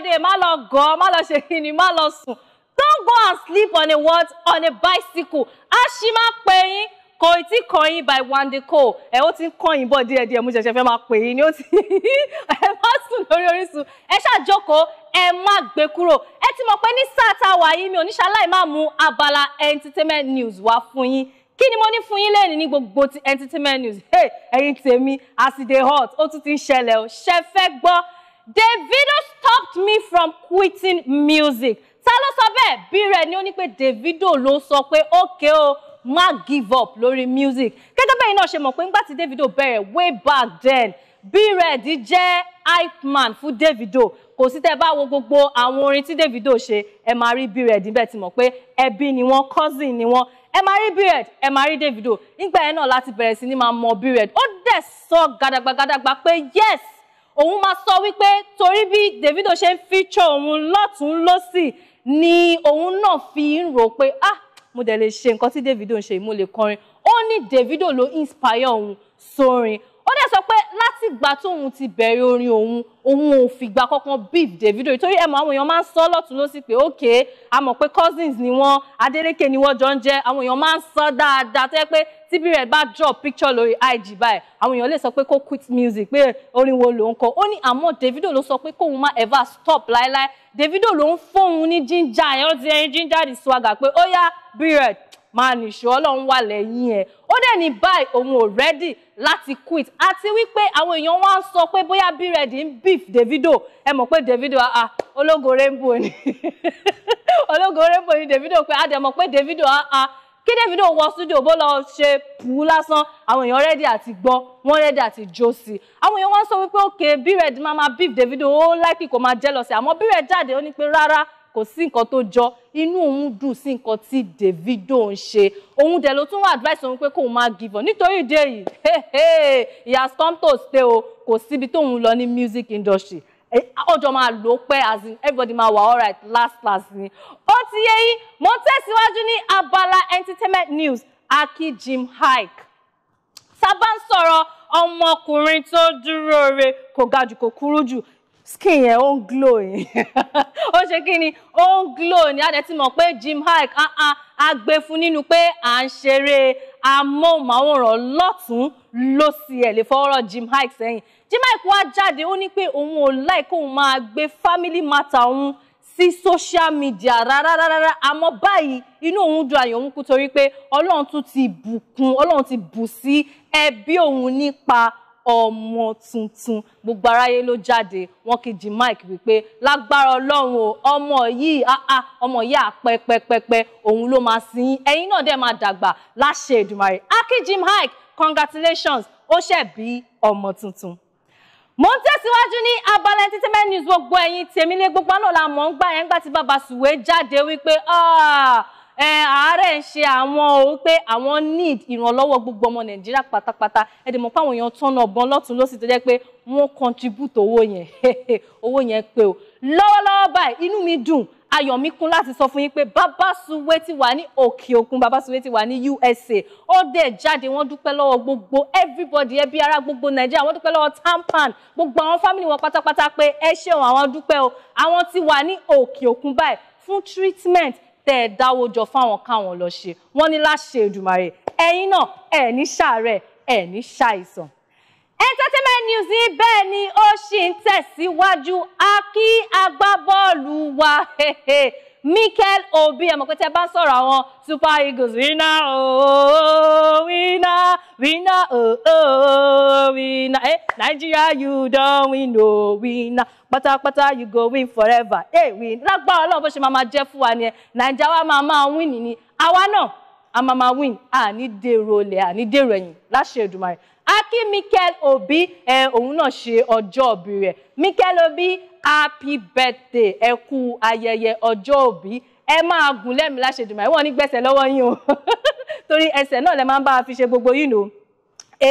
friday má lọ gọ má lọ ṣe kíni má lọ sùn don't go and sleep on a what on a bicycle Ashima ṣì máa pè yín kò by wandeko ẹ ó ti ń kàn yín bọ̀ díẹ̀díẹ̀ mo ṣẹ̀ṣẹ̀ fẹ́ máa pè yín ni ó ti ẹ má sùn lórí Orísun ẹ ṣàjókòó ẹ má gbé kúrò ẹ ti mọ̀ pé ní sáà tá a mi ò ní ṣaláì má abala entertainment news wa fún yín kí ni mo ni fún yín lẹ́yìn ní gbogbo ti entertainment news hey ẹ̀yin tèmi as e dey hot ó tún ti ń ṣẹlẹ̀ o ṣe fẹ́ gbọ́ Davido from quitting music ta ló sọ bẹ́ẹ̀ bí rẹ̀ ni ó ní pé Davido ló sọ pé ókè o má give up lórí music gẹ́gẹ́ bẹ́ẹ̀ náà ṣe mọ̀ pé nígbà tí Davido bẹ̀rẹ̀ way back then bí rẹ̀ di jẹ́ hype man fún Davido kò sí tẹ́ bá wo gbogbo àwọn orin tí Davido ṣe ẹ máa rí bí rẹ̀ níbẹ̀ ti mọ̀ pé ẹbí ni wọ́n cousin ni wọ́n ẹ máa rí bred ẹ máa rí Davido nígbà yẹn náà láti bẹ̀rẹ̀ sí ní máa mọ bred ó dẹ̀ sọ gàdàgbàgàdàgbà pé yes òun máa sọ wípé torí bí Davido ṣe ń fíjọ òun lọ́tún lọ́sì ni òun náà fi ń rò pé ah mo dẹ̀ lè ṣe nǹkan tí Davido ń ṣe mo lè kọrin ó ní Davido ló inspire òun sórin ó dẹ̀ sọ pé láti ìgbà tóun ti bẹ̀rẹ̀ orin òun òun ò fìgbà kankan beef Davido torí ẹ àwọn èèyàn máa ń sọ lọ́tún ló pé okay a mọ̀ pé cousins ni wọ́n Adeleke ni wọ́n jọ ń jẹ́ àwọn èèyàn máa ń sọ dáadáa tó yẹ pé tíbi rẹ̀ bá drop picture lórí IG báyìí àwọn èèyàn lè sọ pé kó quit music pé orin wo lòun kọ ó ní àmọ́ Davido ló sọ pé kóun má ever stop láéláé Davido ló ń fóun ní ginger ẹ̀ ó ti ẹyin ginger di swagger pé ó yá be máa nìṣó ọlọ́run wà lẹ́yìn ẹ̀ ó dẹ̀ ní báyìí òun ò rẹ́dì láti quit àti wípé àwọn èèyàn wá ń sọ pé bóyá bí rẹ̀dì ń beef Davido ẹ mọ̀ pé Davido ah ológo rainbow ni ológo rainbow ni Davido pé a dẹ̀ mọ̀ pé Davido ah kí Davido wọ studio bó lọ ṣe pù ú lásán àwọn èèyàn rẹ́dì àti gbọ́ wọ́n rẹ́dì àti jó sí i àwọn èèyàn wá ń sọ wípé òkè bí rẹ̀dì máa máa beef Davido ó láìpẹ́ kó máa jealousy àmọ́ bí rẹ̀ jáde ó ní pé rárá kò sí nǹkan tó jọ inú òun dùn sí nǹkan tí Davido ń ṣe òun dẹ̀ ló tún wá advice òun pé kóun má give up nítorí ìdí èyí he has come to stay o kò síbi tóun lọ ní music industry ọjọ́ máa lò pẹ́ as in everybody máa wà alright last last ni. ó ti yé yín mo tẹ̀síwájú ní abala entertainment news aki jim hike. sábà ń sọ̀rọ̀ ọmọkùnrin tó dúró re kò ga jù kò kúrú jù skin yẹn ó ń glow yẹn ó ṣe kí ni ó ń glow ni a dẹ̀ ti mọ̀ pé Jim Hike á ah, ah, gbé fún nínú pé à ń ṣeré amóhùnmáwòrán lọ́tún lọ́sì ẹ̀ lè fọwọ́rọ̀ Jim Hike sẹ́yìn Jim Hike wá jáde ó ní pé òun ò láìkó òun máa gbé family matter òun sí social media rárárárá àmọ́ báyìí inú òun dùn àyè òun kú torí pé ọlọ́run tún ti bùkún ọlọ́run ti bù sí ẹbí òun nípa ọmọ tuntun gbogbo aráyé ló jáde wọn kejì Mike wípé lágbára Ọlọ́run o ọmọ yìí áá ah, ah, ọmọ yìí àpẹpẹpẹpẹ òun ló máa sin ẹ̀yin náà dẹ̀ máa dàgbà láṣẹ Èdùmàrè akeji Mike congratulations ó ṣẹ̀ bí ọmọ tuntun mo ń tẹ̀síwájú ní abala entertainment news gbogbo ẹ̀yin tèmi lé gbogbo náà la mọ̀ ń gbà yẹn gbà tí bàbá sùwé jáde wípé ah ààrẹ ń ṣe àwọn òun pé àwọn need ìrànlọ́wọ́ gbogbo ọmọ nàìjíríà pátápátá ẹ dẹ̀ mọ̀ pé àwọn èèyàn tọ́nà ọ̀bọ̀n lọ́tún lọ́sì tó jẹ́ pé wọ́n contribute owó yẹn owó yẹn pé o lọ́wọ́lọ́wọ́ báyìí inú mi dùn ayọ̀ mi kún láti sọ fún yín pé babasuwe ti wà ní òkè òkun babasuwe ti wà ní usa ó dẹ̀ jáde wọ́n dúpẹ́ lọ́wọ́ gbogbo everybody ẹbí ara gbogbo nàìjíríà wọ́n dúpẹ́ lọ́wọ́ tampan gbogbo àwọn family wọn pátápátá pé ẹ ṣeun àwọn dúpẹ́ o àwọn ti wà ní òkè òkun báyìí fún treatment tẹ́ ẹ dáwó jọ fáwọn káwọn lọ ṣe wọ́n ní láṣẹ Èdùmàrè ẹ̀yin náà ẹ̀ ní ṣàárẹ̀ ẹ̀ ní ṣàìsàn. entertainment news ní bẹ́ẹ̀ ni ó ṣì ń tẹ̀síwájú a kí agbábọ́ọ̀lù wa. Mikel Obi ẹ mọ̀ pé tẹ́ bá sọ̀rọ̀ àwọn Super Eagles wina ooo oh, wina wina ooo oh, oh, wina ẹ eh, Nigeria you don win ooo wina pátápátá you go win forever ẹ eh, win lágbára Ọlọ́run bó ṣe máa máa jẹ́ fún wa ni ẹ Nàìjíríà wa máa máa win ni àwa náà a máa máa win àní dèrò olè àní dèrò ẹ̀yìn láṣẹ Èdùmàrè akí Mikel Obi ẹ òun náà ṣe ọjọ́ òbí rẹ̀ Mikel Obi happy birthday ẹ kú ayẹyẹ ọjọ́ òbí ẹ máa gùn lẹ́mí láṣẹ Èdùmàrè wọn ní gbẹ̀sẹ̀ lọ́wọ́ yín o torí ẹsẹ̀ náà lẹ máa bá a fi ṣe gbogbo yìí nù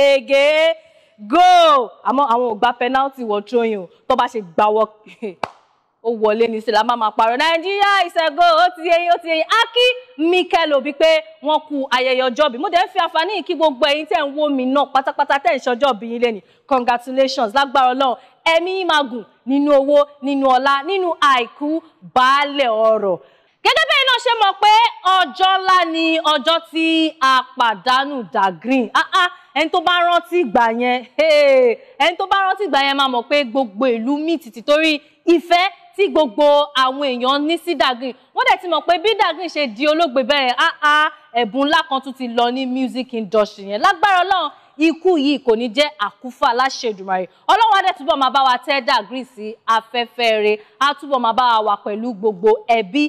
ege goal àmọ́ àwọn ò gba penalty wọ̀ tó yín o tó bá ṣe gbawọ́ ó wọlé ní sí la máa máa parọ́ nàìjíríà ìṣẹ́go ó ti yẹyin ó ti yẹyin akí mikel obi pé wọ́n kú ayẹyẹ ọjọ́bí mo dẹ̀ ń fi àǹfààní kí gbogbo ẹ̀yin tẹ̀ ń wò mí náà pátápátá tẹ̀ ń ṣọjọ́bí yín lẹ́nu congratulations lágbára ọlọ́run ẹ̀mí yín máa gùn nínú owó nínú ọlá nínú àìkú baálẹ̀ ọrọ̀ gẹ́gẹ́ bẹ́ẹ̀ náà ṣe mọ̀ pé ọjọ́ ńlá ni ọjọ́ tí a pàdánù Da Green ẹni tó bá rántí ìgbà yẹn ẹni tó bá rántí ìgbà yẹn máa mọ̀ pé gbogbo ìlú mì tìtì torí ìfẹ́ tí gbogbo àwọn èèyàn ní sí Dagrin wọ́n dẹ̀ ti mọ̀ pé bí Dagrin ṣe di olóògbé bẹ́ẹ̀ áá ah, ah, ẹ̀bùn ńlá kan tún ti lọ ní music industry yẹn lágbára Ọlọ́run ikú yìí kò ní jẹ́ àkúfà láṣẹ Èdùmàrè adé túbọ̀ máa bá wa tẹ́ Dagrin sí afẹ́fẹ́ rẹ̀ á túbọ̀ máa bá wa wà pẹ̀lú gbogbo ẹbí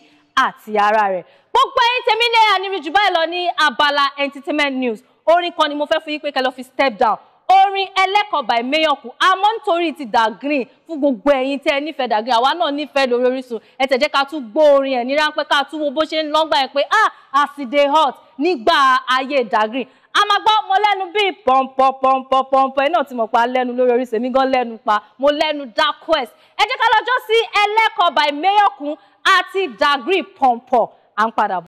àti ara rẹ̀ gbogbo ẹ̀yin tèmi lé àníríjù báyìí lọ ní abala entertainment news orin kan ni mo fẹ́ fún yín pé kẹ́ fi step down orin ẹlẹ́kọ̀ọ́ by Mayorkun àmọ́ nítorí ti Dagrin fún gbogbo ẹ̀yin tẹ́ ẹ nífẹ̀ẹ́ Dagrin àwa náà nífẹ̀ẹ́ lórí Orísun ẹ tẹ̀ jẹ́ ká tún gbọ́ orin ẹ̀ ní ráńpẹ́ ká tún wo bó ṣe ń lọ́gbà ẹ̀ pé ah Aside e hot nígbà ayé Dagrin a máa gbọ́ mo lẹ́nu bíi pọ̀npọ̀pọ̀npọ̀npọ̀ iná tí mo pa lẹ́nu lórí Orísun èmi gan lẹ́nu pa mo lẹ́nu Darkwest ẹ jẹ́ ká lọ́jọ́ sí ẹlẹ́kọ̀ọ́ by Mayorkun àti Dagrin pọ̀npọ̀ à ń padà bọ̀.